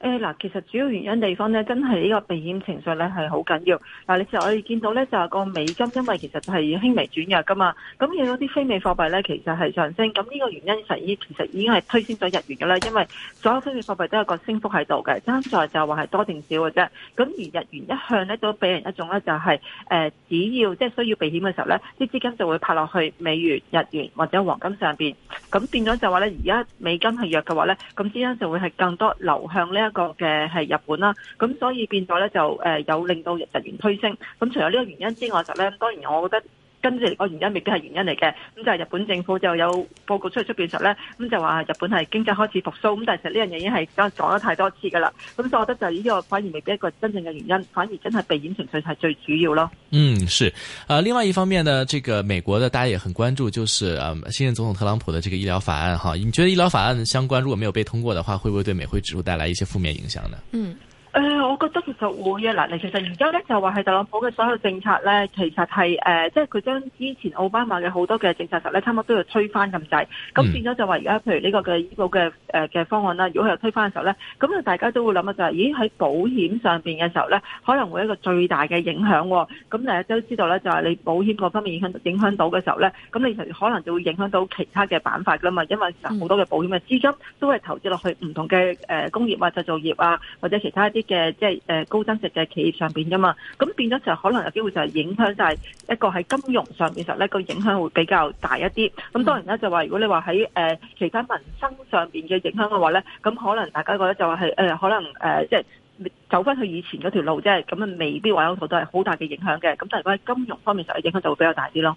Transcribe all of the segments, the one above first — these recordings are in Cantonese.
誒嗱，其實主要原因的地方咧，真係呢個避險情緒咧係好緊要。嗱，你其實我哋見到咧就係個美金，因為其實係輕微轉弱噶嘛，咁又有啲非美貨幣咧其實係上升。咁呢個原因實已其實已經係推升咗日元噶啦，因為所有非美貨幣都有個升幅喺度嘅，爭在就係話係多定少嘅啫。咁而日元一向咧都俾人一種咧就係誒，只要即係、就是、需要避險嘅時候咧，啲資金就會拍落去美元、日元或者黃金上邊。咁變咗就話咧，而家美金係弱嘅話咧，咁之間就會係更多流向呢一個嘅係日本啦。咁所以變咗咧就誒有令到日元推升。咁除咗呢個原因之外，就咧當然我覺得。跟住嚟個原因未必係原因嚟嘅，咁就係日本政府就有報告出嚟出邊時候咧，咁就話日本係經濟開始復甦，咁但係其實呢樣嘢已經係講咗太多次噶啦，咁所以我覺得就呢個反而未必係一個真正嘅原因，反而真係避險情緒係最主要咯。嗯，是，啊、呃，另外一方面呢，這個美國呢大家也很關注，就是啊、呃，新任總統特朗普的這個醫療法案哈，你覺得醫療法案相關，如果沒有被通過的話，會不會對美匯指數帶來一些負面影響呢？嗯。誒、呃，我覺得其實會啊，嗱，你其實而家咧就話係特朗普嘅所有政策咧，其實係誒，即係佢將之前奧巴馬嘅好多嘅政策實咧，差唔多都要推翻咁滯。咁變咗就話，而家譬如呢個嘅醫保嘅誒嘅方案啦，如果佢又推翻嘅時候咧，咁啊，大家都會諗啊、就是，就係咦喺保險上邊嘅時候咧，可能會有一個最大嘅影響，哦。咁大家都知道咧，就係、是、你保險嗰方面影響影響到嘅時候咧，咁你其實可能就會影響到其他嘅板塊啦嘛，因為好多嘅保險嘅資金都係投資落去唔同嘅誒工業或製造業啊，或者其他一啲。嘅即係誒高增值嘅企業上邊噶嘛，咁變咗就可能有機會就係影響就係一個喺金融上邊實咧個影響會比較大一啲。咁當然啦，就話如果你話喺誒其他民生上邊嘅影響嘅話咧，咁可能大家覺得就係誒可能誒即係走翻去以前嗰條路，即係咁啊，未必話有好多係好大嘅影響嘅。咁但係如果喺金融方面實嘅影響就會比較大啲咯。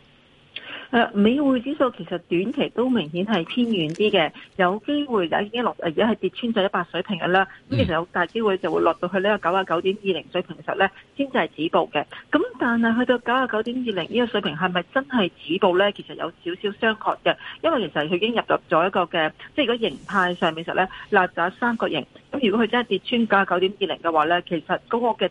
美匯指數其實短期都明顯係偏遠啲嘅，有機會就已經落，而家係跌穿咗一百水平嘅啦。咁其實有大機會就會落到去呢個九啊九點二零水平實咧，先至係止步嘅。咁但係去到九啊九點二零呢個水平係咪真係止步咧？其實有少少商榷嘅，因為其實佢已經入入咗一個嘅，即係如果形態上面實咧，立咗三角形。咁如果佢真係跌穿九啊九點二零嘅話咧，其實個嘅。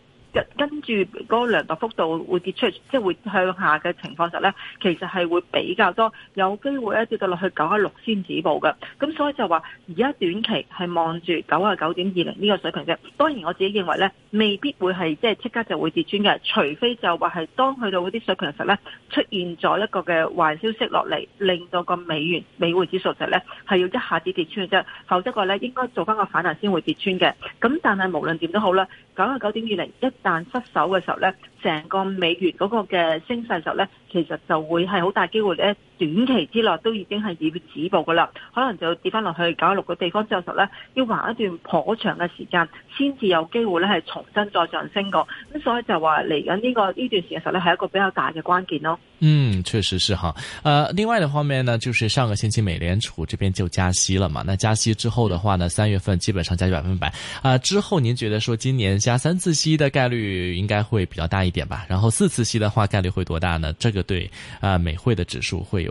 跟住嗰個量度幅度會跌出，即係會向下嘅情況時咧，其實係會比較多有機會咧跌到落去九啊六先止步嘅。咁所以就話而家短期係望住九啊九點二零呢個水平啫。當然我自己認為咧，未必會係即係即刻就會跌穿嘅，除非就話係當去到嗰啲水平時咧出現咗一個嘅壞消息落嚟，令到個美元美匯指數時咧係要一下子跌穿嘅啫。否則嘅咧應該做翻個反彈先會跌穿嘅。咁但係無論點都好啦，九啊九點二零一。但失守嘅時候呢，成個美元嗰個嘅升勢嘅時候呢，其實就會係好大機會咧。短期之內都已經係要止步噶啦，可能就跌翻落去九十六個地方之後，呢，要橫一段頗長嘅時間，先至有機會呢，係重新再上升過。咁所以就話嚟緊呢個呢段時間實呢，係一個比較大嘅關鍵咯。嗯，確實是哈。誒、呃，另外一方面呢，就是上個星期美聯儲這邊就加息了嘛。那加息之後嘅話呢，三月份基本上加至百分百。啊、呃，之後您覺得說今年加三次息的概率應該會比較大一點吧？然後四次息嘅話，概率會多大呢？這個對啊、呃，美匯嘅指數會有。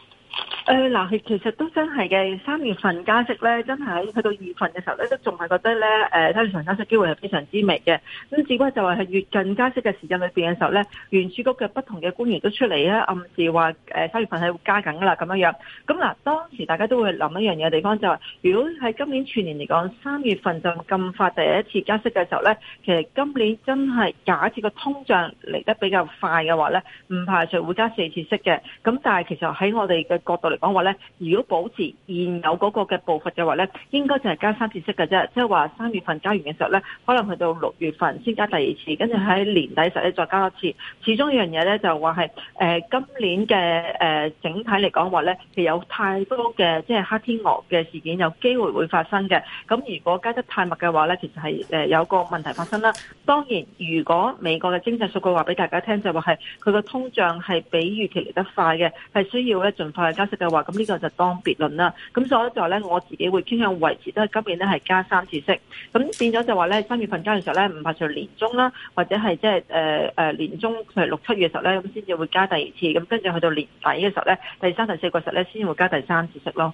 誒、呃、嗱，其實都真係嘅，三月份加息咧，真係喺去到二月份嘅時候咧，都仲係覺得咧，誒三月份加息機會係非常之微嘅。咁只不過就係喺越近加息嘅時間裏面嘅時候咧，聯儲局嘅不同嘅官員都出嚟暗示話誒三月份係會加緊㗎啦咁樣樣。咁嗱，當時大家都會諗一樣嘢嘅地方就係、是，如果喺今年全年嚟講，三月份就咁快第一次加息嘅時候咧，其實今年真係假設個通脹嚟得比較快嘅話咧，唔排除會加四次息嘅。咁但係其實喺我哋嘅角度，嚟、嗯、講、嗯嗯嗯、話咧，如果保持現有嗰個嘅步伐嘅話咧，應該淨係加三次息嘅啫。即係話三月份加完嘅時候咧，可能去到六月份先加第二次，跟住喺年底時候咧再加一次。始終一樣嘢咧就話係誒今年嘅誒、呃、整體嚟講話咧，係有太多嘅即係黑天鵝嘅事件有機會會發生嘅。咁如果加得太密嘅話咧，其實係誒有個問題發生啦。當然，如果美國嘅經濟數據話俾大家聽就話係佢個通脹係比預期嚟得快嘅，係需要咧盡快去加息。就話咁呢個就當別論啦，咁所以就咧我自己會傾向維持都係今年咧係加三次息，咁變咗就話咧三月份加嘅時候咧唔排除年中啦，或者係即係誒誒年中譬如六七月嘅時候咧，咁先至會加第二次，咁跟住去到年底嘅時候咧，第三第四個十咧先會加第三次息咯。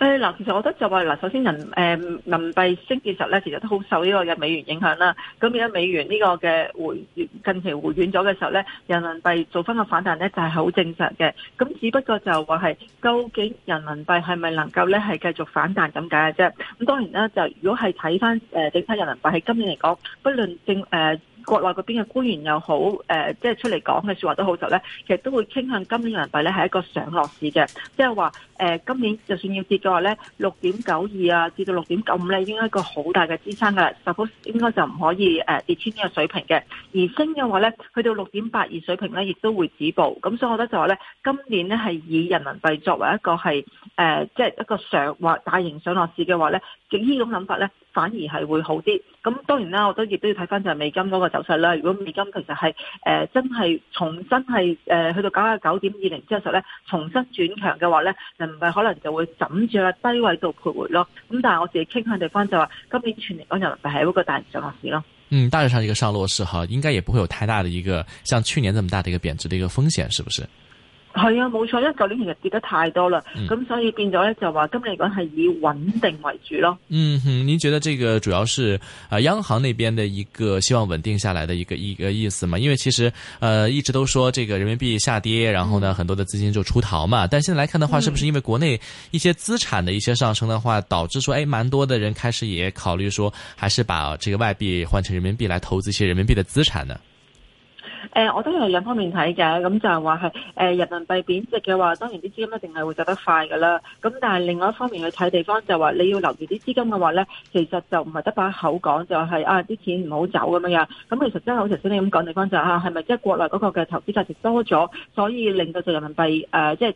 誒嗱，其實我覺得就話嗱，首先人誒人民幣升嘅時候咧，其實都好受呢個嘅美元影響啦。咁而家美元呢個嘅匯近期匯軟咗嘅時候咧，人民幣做翻個反彈咧，就係好正常嘅。咁只不過就話係究竟人民幣係咪能夠咧係繼續反彈咁解嘅啫？咁當然啦，就如果係睇翻誒整體人民幣喺今年嚟講，不論正誒。國內嗰邊嘅官員又好，誒即係出嚟講嘅説話都好熟咧，其實都會傾向今年人民幣咧係一個上落市嘅。即係話誒今年就算要跌嘅話咧，六點九二啊跌到六點九五咧，應該一個好大嘅支撐㗎喇，十 percent 應該就唔可以誒跌穿呢個水平嘅。而升嘅話咧，去到六點八二水平咧亦都會止步，咁所以我覺得就話咧，今年咧係以人民幣作為一個係誒即係一個上或大型上落市嘅話咧，極呢種諗法咧。反而係會好啲，咁當然啦，我都亦都要睇返就係美金嗰個走勢啦。如果美金其實係誒、呃、真係從真係誒去到九啊九點二零之後實咧，重新轉強嘅話咧，就唔係可能就會枕住喺低位度徘徊咯。咁但係我自己傾向地方就話，今年全年講人民幣係有一個大上落市咯。嗯，大上落市一個上落市哈，應該也不會有太大的一個，像去年這麼大的一個貶值的一個風險，是不是？係啊，冇錯，因為舊年其實跌得太多了咁、嗯、所以變咗呢，就話今年嚟講係以穩定為主咯。嗯哼，您覺得這個主要是啊央行那邊的一個希望穩定下來的一個一個意思嘛？因為其實呃一直都說這個人民幣下跌，然後呢很多的資金就出逃嘛。但現在來看的話，是不是因為國內一些資產的一些上升的話，嗯、導致說誒、哎、蠻多的人開始也考慮說，還是把這個外幣換成人民幣來投資一些人民幣的資產呢？誒、呃，我都係兩方面睇嘅，咁就係話係誒人民幣貶值嘅話，當然啲資金一定係會走得快㗎啦。咁但係另外一方面去睇地方就是說，就話你要留住啲資金嘅話咧，其實就唔係得把口講，就係、是、啊啲錢唔好走咁樣樣。咁其實真係好頭先你咁講地方就係、是、嚇，係咪即係國內嗰個嘅投資價值多咗，所以令到做人民幣誒即係。呃就是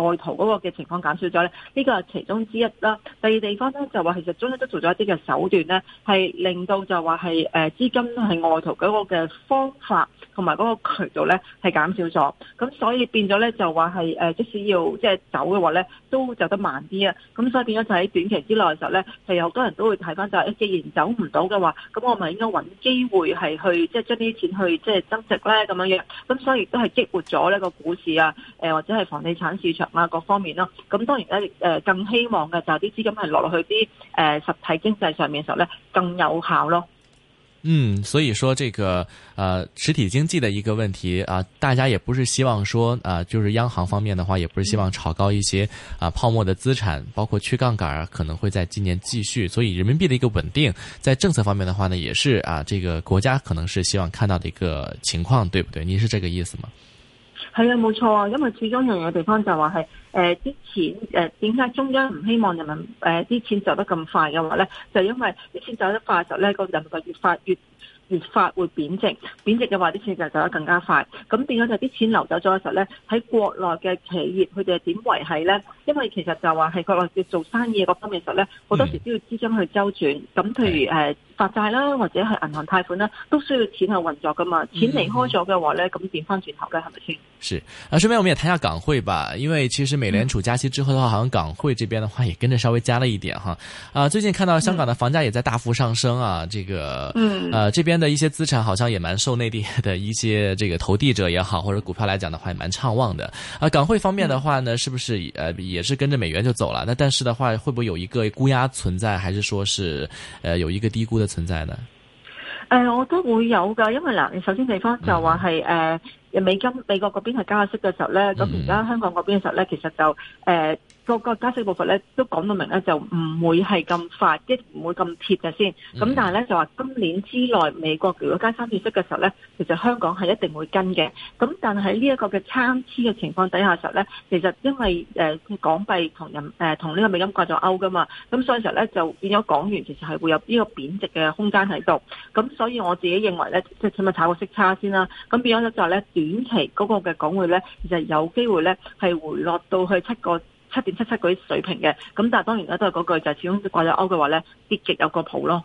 外逃嗰個嘅情況減少咗咧，呢個係其中之一啦。第二地方咧就話其實中央都做咗一啲嘅手段咧，係令到就話係誒資金係外逃嗰個嘅方法同埋嗰個渠道咧係減少咗。咁所以變咗咧就話係誒即使要即係走嘅話咧都走得慢啲啊。咁所以變咗就喺短期之內嘅時候咧，係有好多人都會睇翻就係，既然走唔到嘅話，咁我咪應該搵機會係去即係將啲錢去即係增值咧咁樣樣。咁所以亦都係激活咗呢個股市啊，誒或者係房地產。市場啊，各方面咯，咁當然咧，誒，更希望嘅就係啲資金係落落去啲誒實體經濟上面嘅時候咧，更有效咯。嗯，所以說這個啊，呃，實體經濟的一個問題啊，大家也不是希望說啊，就是央行方面的話，也不是希望炒高一些啊泡沫的資產，包括去槓桿可能會在今年繼續，所以人民幣的一個穩定，在政策方面的話呢，也是啊，這個國家可能是希望看到的一個情況，對不對？你是這個意思嗎？係啊，冇錯啊，因為始終重要嘅地方就話係，誒、呃、啲錢，誒點解中央唔希望人民，誒、呃、啲錢走得咁快嘅話咧，就係、因為啲錢走得快嘅時候咧，個人民幣越發越越發會貶值，貶值嘅話啲錢就走得更加快，咁點樣就啲錢流走咗嘅時候咧，喺國內嘅企業佢哋係點維繫咧？因為其實就話係國內要做生意嘅嗰方面實咧，好多時都要資金去周轉，咁譬如誒。呃發債啦，或者係銀行貸款啦，都需要錢去運作噶嘛。錢離開咗嘅話呢，咁變返轉頭嘅係咪先？是，是，是啊，順便我們也談下港匯吧。因為其實美聯儲加息之後的話，嗯、好像港匯這邊的話也跟着稍微加了一點哈。啊，最近看到香港的房價也在大幅上升啊。嗯、這個，呃、啊，這邊的一些資產好像也蠻受內地的一些這個投地者也好，或者股票來講的話也蠻暢旺的。啊，港匯方面的話呢，嗯、是不是也也是跟着美元就走了？那、嗯、但是的話，會不會有一個估壓存在，還是說是呃有一個低估？都存在嘅，誒，我都會有噶，因為嗱，首先地方就話係誒，美金美國嗰邊係加息嘅時候咧，咁而家香港嗰邊嘅時候咧，其實就誒。呃個個加息步伐咧都講到明、嗯、呢，就唔會係咁快，即唔會咁貼嘅先。咁但係咧就話今年之內美國如果加三次息嘅時候咧，其實香港係一定會跟嘅。咁但係呢一個嘅參差嘅情況底下時候咧，其實因為、呃、港幣同人、呃、同呢個美金掛咗鈎噶嘛，咁所以時候咧就變咗港元其實係會有呢個貶值嘅空間喺度。咁所以我自己認為咧，即起碼炒個息差先啦。咁變咗咧就係咧短期嗰個嘅港匯咧，其實有機會咧係回落到去七個。七點七七嗰啲水平嘅，咁但係當然咧都係嗰句就係，始終掛咗鉤嘅話咧，跌極有個譜咯。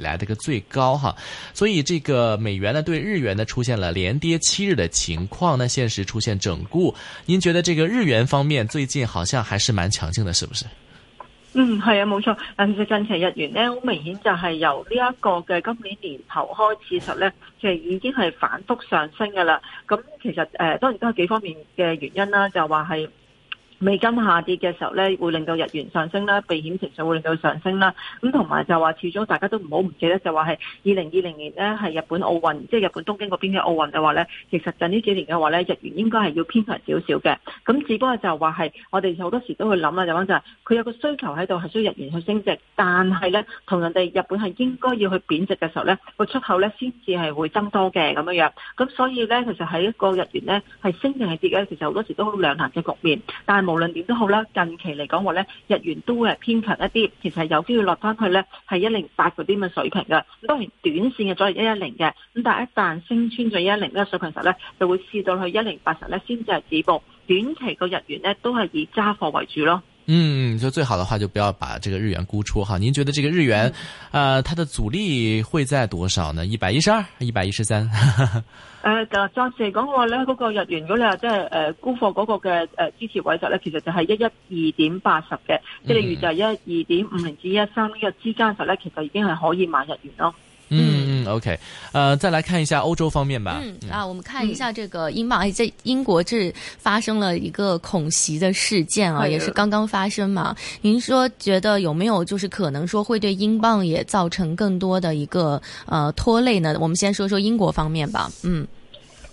來的一個最高哈，所以這個美元呢對日元呢出現了連跌七日的情況呢，那現實出現整固。您覺得這個日元方面最近好像還是蠻強勁的，是不是？嗯，係啊，冇錯。但其實近期日元呢好明顯就係由呢一個嘅今年年頭開始實呢，其實已經係反覆上升噶啦。咁其實誒、呃，當然都係幾方面嘅原因啦，就話係。美金下跌嘅時候咧，會令到日元上升啦，避險情緒會令到上升啦。咁同埋就話，始終大家都唔好唔記得，就話係二零二零年咧係日本奧運，即係日本東京嗰邊嘅奧運嘅話咧，其實近呢幾年嘅話咧，日元應該係要偏強少少嘅。咁只不過就話係我哋好多時都會諗啦，就講就係佢有個需求喺度，係需要日元去升值，但係咧同人哋日本係應該要去貶值嘅時候咧，個出口咧先至係會增多嘅咁樣樣。咁所以咧，其實喺一個日元咧係升定係跌咧，其實好多時都好兩難嘅局面，但係無論點都好啦，近期嚟講話咧，日元都會係偏強一啲，其實有機會落翻去咧，係一零八嗰啲咁嘅水平噶。當然短線嘅在係一一零嘅，咁但係一旦升穿咗一一零呢個水平時候咧，就會試到去一零八十咧先至係止步。短期個日元咧都係以揸貨為主咯。嗯，就最好的話就不要把這個日元沽出哈，您覺得這個日元，啊、嗯呃，它的阻力會在多少呢？一百一十二、一百一十三。誒，就暫時講話咧，嗰個日元如果你話即係誒沽貨嗰個嘅誒支持位實咧，其實就係一一二點八十嘅，即係例如就係一二點五零至一三呢個之間實咧，其實已經係可以買日元咯。嗯、OK，呃，再來看一下歐洲方面吧，嗯。嗯，啊，我們看一下這個英鎊。哎，在英國這發生了一個恐襲的事件啊，也是剛剛發生嘛。您說覺得有沒有就是可能說會對英鎊也造成更多的一個呃拖累呢？我們先說說英國方面吧。嗯，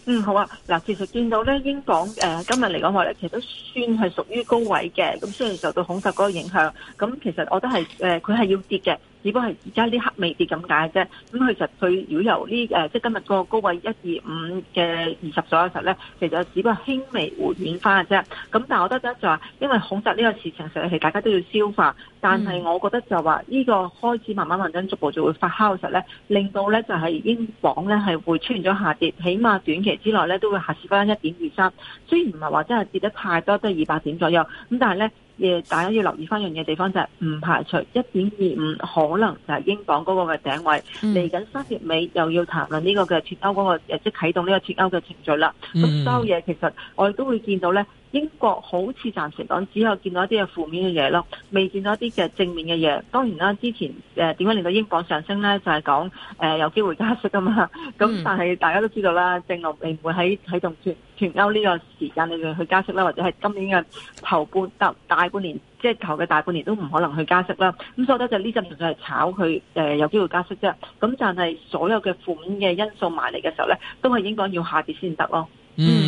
嗯，好啊。嗱，其實見到呢，英鎊呃，今日嚟講話呢，其實都算係屬於高位嘅。咁雖然受到恐襲嗰個影響，咁其實我都係誒，佢、呃、係要跌嘅。只不過係而家呢刻未跌咁解啫，咁其實佢如果由呢誒、呃，即係今日個高位一二五嘅二十左右時候咧，其實只不過輕微回暖翻嘅啫。咁但係我覺得咧就話因為恐襲呢個事情其實大家都要消化，但係我覺得就話呢個開始慢慢慢慢逐步就會發酵嘅時候咧，令到咧就係英鎊咧係會出現咗下跌，起碼短期之內咧都會下試翻一點二三，雖然唔係話真係跌得太多，都係二百點左右，咁但係咧。誒，大家要留意翻一樣嘅地方就係，唔排除一點二五可能就係英鎊嗰個嘅頂位。嚟緊三月尾又要談論呢個嘅脫歐嗰個，即係啟動呢個脫歐嘅程序啦。咁所有嘢其實我哋都會見到咧。英國好似暫時講只有見到一啲嘅負面嘅嘢咯，未見到一啲嘅正面嘅嘢。當然啦，之前誒點樣令到英鎊上升咧，就係講誒有機會加息噶嘛。咁但係大家都知道啦，正路並唔會喺喺度脱脱歐呢個時間裏面去加息啦，或者係今年嘅頭半大大，大半年，即係頭嘅大半年都唔可能去加息啦。咁所以咧就呢隻純粹係炒佢誒、呃、有機會加息啫。咁但係所有嘅負面嘅因素埋嚟嘅時候咧，都係英鎊要下跌先得咯。嗯。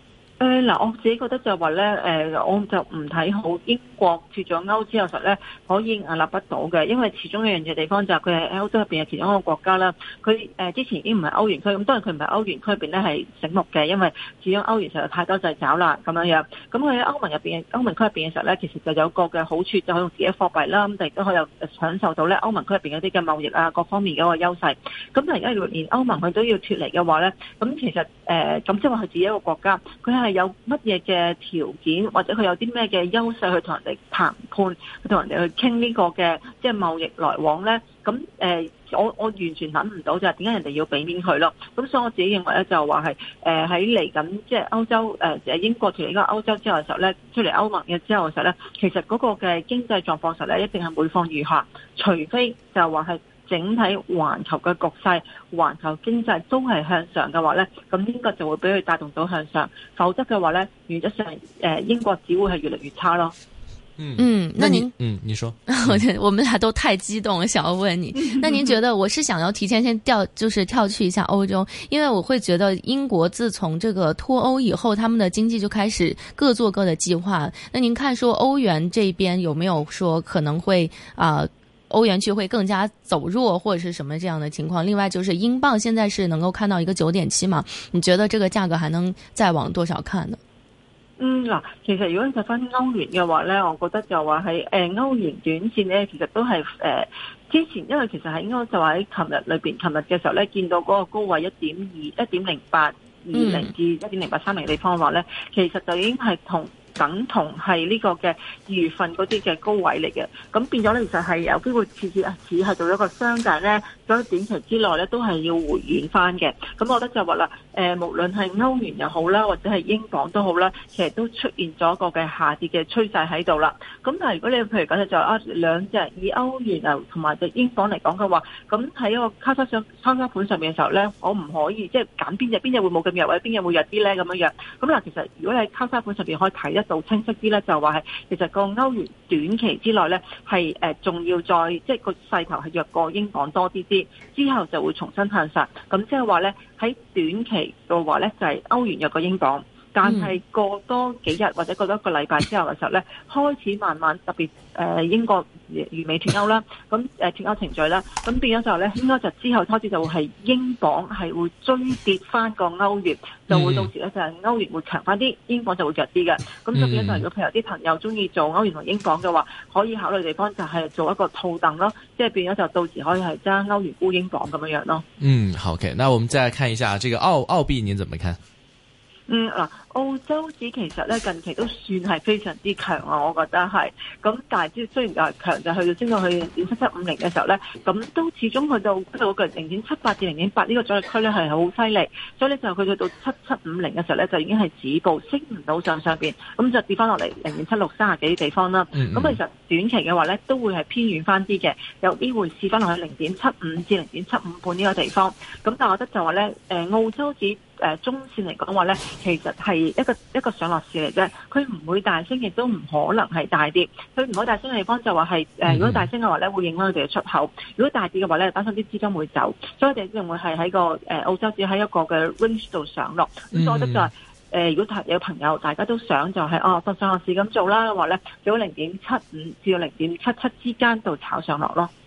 嗱、嗯，我自己覺得就係話咧，誒我就唔睇好英國脫咗歐之後實咧可以屹立不倒嘅，因為始終一樣嘢地方就係佢喺歐洲入邊嘅其中一個國家啦。佢誒之前已經唔係歐元區，咁當然佢唔係歐元區入邊咧係醒目嘅，因為始終歐元實在太多掣肘啦咁樣樣。咁佢喺歐盟入邊嘅，歐盟區入邊嘅時候咧，其實就有個嘅好處就可以用自己貨幣啦，咁亦都可以有享受到咧歐盟區入邊嗰啲嘅貿易啊各方面嘅優勢。咁但係而家連歐盟佢都要脫離嘅話咧，咁其實誒咁即係話佢自己一個國家，佢係。有乜嘢嘅條件，或者佢有啲咩嘅優勢去同人哋談判，去同人哋去傾呢個嘅即係貿易來往咧？咁誒、呃，我我完全諗唔到就係點解人哋要俾面佢咯？咁所以我自己認為咧、呃，就話係誒喺嚟緊即係歐洲誒、呃、英國脫離歐洲之後嘅時候咧，出嚟歐盟嘅之後嘅時候咧，其實嗰個嘅經濟狀況實咧一定係每況愈下，除非就話係。整體環球嘅局勢，環球經濟都係向上嘅話呢，咁英國就會俾佢帶動到向上，否則嘅話呢，原則上誒英國只會係越嚟越差咯。嗯嗯，那您，那您嗯你說， 我哋們倆都太激動了，想要問你，那您覺得我是想要提前先調就是跳去一下歐洲，因為我會覺得英國自從這個脫歐以後，他們的經濟就開始各做各的計劃。那您看說歐元這邊有沒有說可能會啊？呃歐元區會更加走弱或者是什麼這樣的情況？另外就是英鎊現在是能夠看到一個九點七嘛？你覺得這個價格還能再往多少看呢？嗯嗱，其實如果你講翻歐元嘅話呢，我覺得就話係誒，呃、歐元短綫呢，其實都係誒、呃、之前，因為其實係應該就話喺琴日裏邊，琴日嘅時候呢，見到嗰個高位一點二、一點零八二零至一點零八三零嘅地方嘅話呢，其實就已經係同。等同係呢個嘅二月份嗰啲嘅高位嚟嘅，咁變咗咧，其實係有機會次次啊，只係做一個箱格咧，所以短期之內咧都係要回軟翻嘅。咁我覺得就話啦，誒無論係歐元又好啦，或者係英鎊都好啦，其實都出現咗一個嘅下跌嘅趨勢喺度啦。咁但係如果你譬如講就啊兩隻以歐元啊同埋隻英鎊嚟講嘅話，咁喺一個交叉上交叉盤上面嘅時候咧，我唔可以即係揀邊隻邊隻會冇咁弱，或者邊隻會弱啲咧咁樣樣。咁嗱，其實如果你喺交叉盤上邊可以睇一度清晰啲咧，就話係其實個歐元短期之內咧係誒，仲要再即係個勢頭係弱過英鎊多啲啲，之後就會重新向上，咁即係話咧喺短期嘅話咧就係歐元弱過英鎊。嗯、但係過多幾日或者過多一個禮拜之後嘅時候咧，開始慢慢特別誒、呃、英國完美脱歐啦，咁誒脱歐程序啦，咁變咗就後咧，應該就之後開始就會係英鎊係會追跌翻個歐元，就會到時咧就係、是、歐元會強翻啲，英鎊就會弱啲嘅。咁就變咗就，如果譬如有啲朋友中意做歐元同英鎊嘅話、嗯，可以考慮地方就係做一個套戥咯，即係變咗就到時可以係揸歐元沽英鎊咁樣樣咯。嗯，好、okay, k 那我們再看一下呢個澳澳幣，您怎麼看？嗯啊，澳洲指其實咧近期都算係非常之強啊，我覺得係。咁大指雖然又係強，就去到升到去零點七七五零嘅時候咧，咁都始終去到嗰個零點七八至零點八呢個阻力區咧係好犀利。所以咧就佢去到七七五零嘅時候咧，就已經係止步升唔到上上邊，咁就跌翻落嚟零點七六三十幾嘅地方啦。咁、嗯嗯、其實短期嘅話咧，都會係偏遠翻啲嘅，有機會試翻落去零點七五至零點七五半呢個地方。咁但係我覺得就話咧，誒澳洲指。誒中線嚟講嘅話咧，其實係一個一個上落市嚟啫，佢唔會大升，亦都唔可能係大跌。佢唔會大升嘅地方就話係、嗯、如果大升嘅話咧，會影響佢哋嘅出口；如果大跌嘅話咧，擔心啲資金會走，所以佢哋可能會係喺個澳洲只喺一個嘅 range 度上落。咁再一就係、是、誒、呃，如果有朋友大家都想就係、是、哦，做上落市咁做啦，嘅話咧，喺零點七五至到零點七七之間度炒上落咯。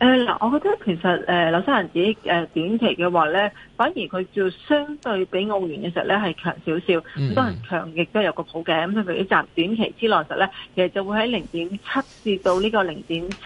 誒、呃、嗱，我覺得其實誒紐、呃、西蘭紙誒短期嘅話咧，反而佢就相對比澳元嘅時候咧係強少少，咁多、嗯、人強亦都有個保嘅。咁譬如喺窄短期之內實咧，其實就會喺零點七至到呢個零點七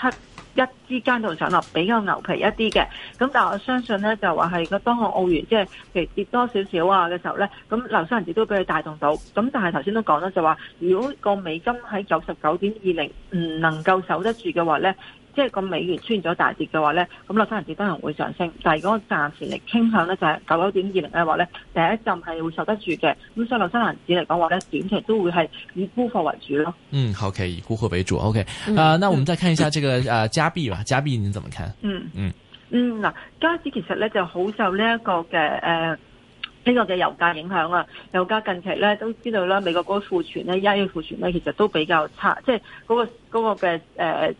一之間度上落，比較牛皮一啲嘅。咁但係我相信咧就話係個當下澳元即係其跌多少少啊嘅時候咧，咁紐西蘭紙都俾佢帶動到。咁但係頭先都講啦，就話如果個美金喺九十九點二零唔能夠守得住嘅話咧。即係個美元出現咗大跌嘅話咧，咁紐西蘭指當然會上升。但係如果暫時嚟傾向咧，就係九九點二零嘅話咧，第一陣係會受得住嘅。咁所以紐西蘭指嚟講話咧，短期都會係以沽貨為主咯。嗯，好，OK 以沽貨為主，OK。啊、嗯呃，那我們再看一下這個啊、嗯呃，加幣吧，加幣你怎麼看？嗯嗯嗯，嗱、嗯嗯，加幣其實咧就好受呢一個嘅誒呢個嘅油價影響啊。油價近期咧都知道啦，美國嗰個庫存咧、而家嘅庫存咧，其實都比較差，即係嗰、那個。嗰個嘅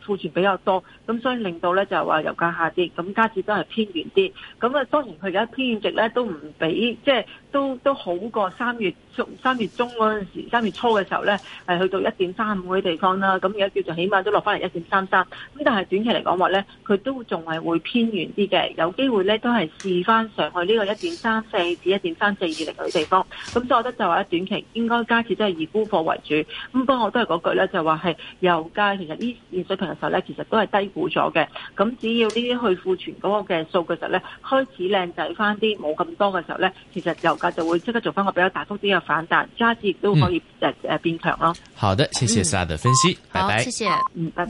庫存比較多，咁所以令到咧就話油價下跌，咁加注都係偏軟啲。咁啊當然佢而家偏軟值咧都唔比，即係都都好過三月中三月中嗰陣時，三月初嘅時候咧係去到一點三五啲地方啦。咁而家叫做起碼都落翻嚟一點三三。咁但係短期嚟講話咧，佢都仲係會偏軟啲嘅，有機會咧都係試翻上去呢個一點三四至一點三四二零嘅地方。咁所以我覺得就話短期應該加注都係以沽貨為主。咁不過我都係嗰句咧，就話係油價其實呢現水平嘅時候咧，其實都係低估咗嘅。咁只要的的呢啲去庫存嗰個嘅數據實咧開始靚仔翻啲，冇咁多嘅時候咧，其實油價就會即刻做翻個比較大幅啲嘅反彈，揸字亦都可以誒誒變強咯、嗯。好的，謝謝 Sir 嘅分析。嗯，拜拜，謝謝，嗯，拜拜。